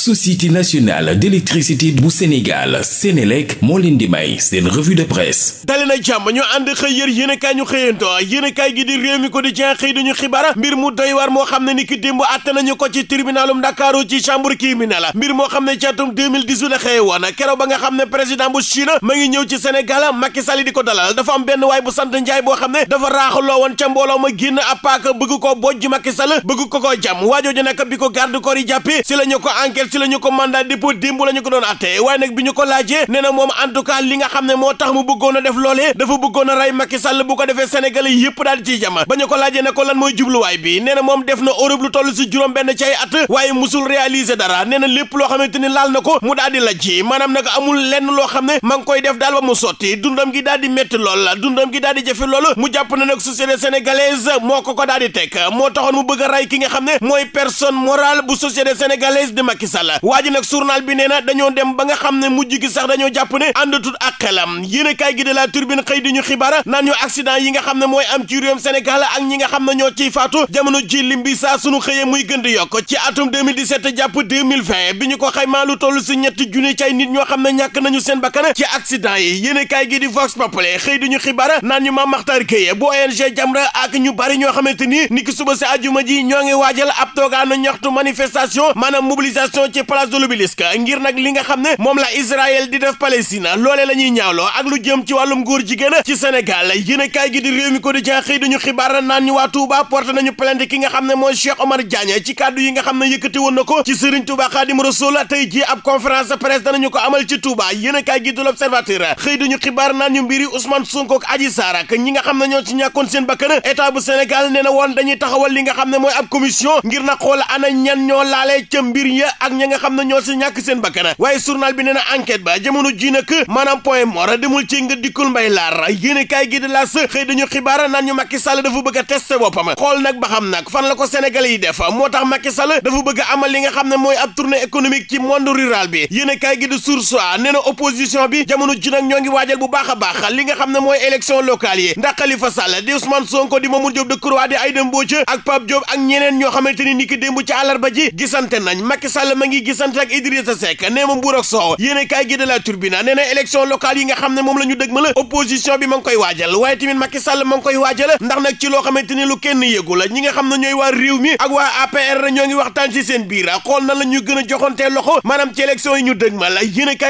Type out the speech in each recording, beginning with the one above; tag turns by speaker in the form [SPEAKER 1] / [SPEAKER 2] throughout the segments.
[SPEAKER 1] société nationale d'électricité bu Sénégal Sénélec moo leen di may seen revue de presse dali na ñu ànd xëy yër yéenekaay ñu xëyanto yéenekaay gi di réew mi ko di jen xëy dañu xibaar mbir mu doy moo xam ne ni ki démb àtte nañu ko ci tribunalum Ndakaaru ci chambre criminelle mbir moo xam ne ci atum 2018 la xëye woon keroog ba nga xam ne président bu Chine ma ngi ñëw ci Sénégal Macky Sall di ko dalal dafa am benn waay bu sant Njaay boo xam ne dafa raaxaloo mbooloo ma génn ab paaka bëgg koo bojj Macky ko koo jam waajooju nag ko garde corps yi jàppe ko enquête ci la ñu ko mandat dépôt démb la ñu ko doon atte waaye nag bi ñu ko laajee nee na moom en tout cas li nga xam ne moo tax mu bëggoon a def loolee dafa bëggoon a rey Macky Sall bu ko defee Sénégalais yëpp daal di ciy jama ba ñu ko laajee ne ko lan mooy jubluwaay bi nee na moom def na Europe lu toll si juróom benn ci at waaye musul réaliser dara nee lépp loo xamante ni laal na ko mu daal di la ji maanaam nag amul lenn loo xam ne ma ngi koy def daal ba mu sotti dundam gi daal met métti la dundam gi daal di jafe lool mu jàpp na nag société sénégalaise moo ko ko daal di teg moo taxoon mu bëgg ki nga xam ne mooy personne morale bu société sénégalaise di Macky Sall Sall waa ji nag journal bi nee na dañoo dem ba nga xam ne mujj gi sax dañoo jàpp ne àndatut ak xelam yéen kaay gi de la turbin xëy di ñu xibaar naan ñu accident yi nga xam ne mooy am ci réewum Sénégal ak ñi nga xam ne ñoo ciy faatu jamono ji lim bi sunu xëyee muy gën di yokk ci atum 2017 jàpp 2020 bi ñu ko xaymaa lu toll si ñetti junni nit ñoo xam ne ñàkk nañu seen bakkan ci accident yi yéen gi di Vox Populi xëy di ñu xibaar naan ñu Mame Makhtar Gueye bu ONG Jamra ak ñu bari ñoo xamante ni niki suba si àjjuma ji ñoo ngi waajal ab toogaanu ñaxtu manifestation maanaam mobilisation ci place de l'Obélisque ngir nag li nga xam ne moom la Israël di def Palestine loolee la ñuy ñaawloo ak lu jëm ci wàllum góor jigéen ci Sénégal yéen a gi di réew mi ko di caa xëy dañu xibaar naan ñu waa Touba nga xam ne mooy Cheikh Omar Diagne ci kàddu yi nga xam ne yëkkati woon na ko ci Serigne Touba Khadim Rasoul tey ji ab conférence de presse danañu ko amal ci Touba yéen a kaay gi di l'Observateur xëy dañu xibaar naan ñu mbiri Ousmane Sonko ak Adji Sarr ak ñi nga xam ne ñoo ci ñàkkoon seen li nga xam ne mooy ab commission ngir na xool ana ñan ñi nga xam ne ñoo si ñàkk seen bakkan waaye journal bi nee na enquête ba jamono ji nag maanaam point mort demul ci nga dikkul mbay laar yéene kaay gi di laas xëy dañu xibaar naan ñu Macky Sall dafa bëgg a testé boppam xool nag ba xam nag fan la ko Sénégalais yi def moo tax Macky Sall dafa bëgg a amal li nga xam ne mooy ab tournée économique ci monde rural bi yéene kaay gi di source nee bi jamono ji nag ñoo ngi waajal bu baax a baax li nga xam ne mooy élection locale yi ndax Khalifa Sall di di Mamour Diop Decroix di Aïda Mbodj ak ak ñeneen ñoo xamante ni niki démb ci àllarba ji gisante nañ Macky Sall ngi gisante ak a Seck nee ma mbuur ak soow yéene kaay gi de la turbina nee na élection yi nga xam ne moom la ñu dëgmal opposition bi ma ngi koy waajal waaye tamit Macky Sall ma ngi koy waajal ndax nag ci loo xamante ni lu kenn yëgu la ñi nga xam ne ñooy waa réew mi ak waa APR ñoo ngi waxtaan ci seen biir xool na la ñu gën a loxo maanaam ci élection yi ñu dëgmal yéene la nga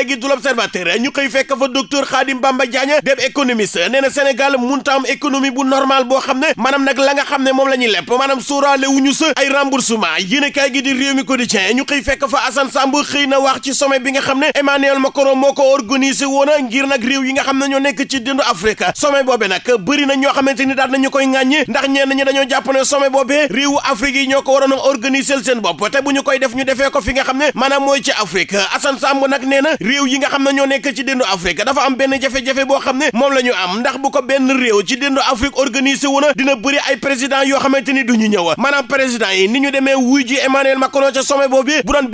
[SPEAKER 1] kaay gi di réew mi ñu koy fekk Moustapha Assane Samb xëy na wax ci sommet bi nga xam ne Emmanuel Macron moo ko organisé woon ngir nag réew yi nga xam ne ñoo nekk ci dëndu Afrique sommet boobe nag bëri na ñoo ni daal nañu koy ŋàññi ndax ñenn ñi dañoo jàpp ne sommet boobee réewu yi ñoo ko waroon a organisé seen bopp te bu ñu koy def ñu defee ko fi nga xam ne maanaam mooy ci Afrique Assane Samb nag nee na réew yi nga xam ne ñoo nekk ci dëndu Afrique dafa am benn jafe-jafe boo xam ne moom la ñu am ndax bu ko benn réew ci dëndu Afrique organisé woon dina bëri ay président yoo xamante ni du ñu ñëw maanaam président yi ni ñu demee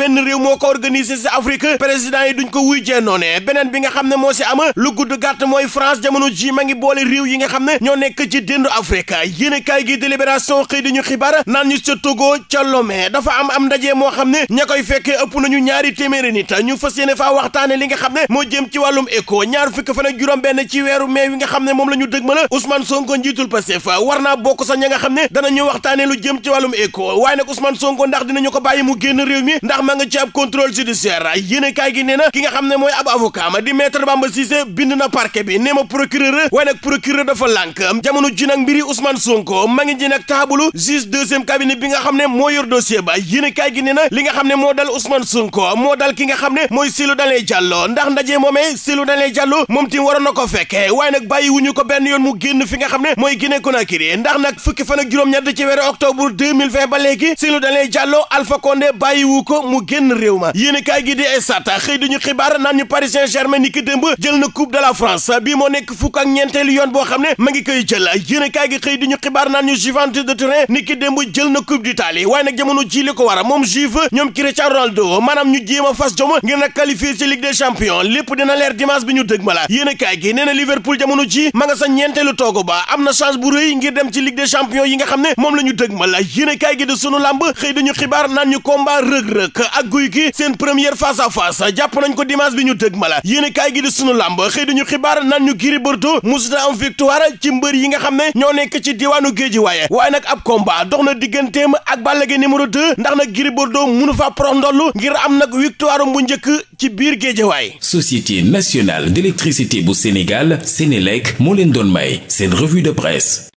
[SPEAKER 1] menn réew moo ko organisé si Afrique président yi duñ ko wuy jee noone beneen bi nga xam ne moo si am lu gudd gàtt mooy France jamono ji ma ngi boole réew yi nga xam ne ñoo nekk ci déndu Afrique yéen kaay gi délibération xëy di ñu xibaar naan ñu ca Togo ca Lomé dafa am am ndaje moo xam ne ña koy fekkee ëpp nañu ñaari téeméeri nit ñu fas yéene faa waxtaane li nga xam ne moo jëm ci wàllum éco ñaar fukk fan ak juróom benn ci weeru mai wi nga xam ne moom la ñu dëgmal Ousmane Sonko njiitul Pastef war naa bokk sax ña nga xam ne danañu waxtaane lu jëm ci wàllum éco waaye nag Ousmane Sonko ndax dinañu ko bàyyi mu génn réew mi ma nga ci ab contrôle judiciaire yéenekaay gi ki nga xam ne mooy ab avocat ma di maître Bamba Cissé bind na parquet bi nee ma procureur waaye nag procureur dafa lànk jamono ji nag mbiri Ousmane Sonko ma ngi ji nag taabalu juge deuxième cabinet bi nga xam ne moo yor dossier ba yéenekaay gi na li nga xam ne moo dal Ousmane Sonko moo dal ki nga xam ne mooy Cellou Dalein Diallo ndax ndaje moomee Cellou Dalein Diallo moom tim waroon na ko fekke waaye nag bàyyi wuñu ko benn yoon mu génn fi nga xam ne mooy Guinée Conakry ndax nag fukki fan ak juróom-ñett ci weeru octobre 2020 ba léegi Cellou Dalein Diallo Alpha Condé bàyyiwu ko mu génn réew ma yéen i di Stades xëy duñu xibaar naan ñu Paris germain ni ki démb jël na coupe de la France bii moo nekk fukk ak ñeenteelu yoon boo xam ne ma ngi koy jël yéen i kaay gi xëy duñu xibaar naan ñu Juventus de Turin ni ki démb jël na coupe d'Italie waaye nag jamono ji li ko war a moom Juif ñoom Cristiano Ronaldo maanaam ñu jéem a fas jom ngir nag qualifier ci Ligue des Champions lépp dina leer dimanche bi ñu dëg ma la yéen i kaay gi ak guy gi seen première face à face jàpp nañ ko dimanche bi ñu dëg mala yéen kaay gi di sunu làmb xëy ñu xibaar naan ñu Gris Bordeaux musuta am victoire ci mbër yi nga xam ne ñoo nekk ci diwaanu géeji waaye waaye nag ab combat dox na digganteem ak Balla Gaye numéro 2 ndax nag Gris Bordeaux mënu faa prox ndoll ngir am nag victoire bu njëkk ci biir géejawaay Société nationale d'électricité bu Sénégal Sénélec moo leen doon may seen revue de presse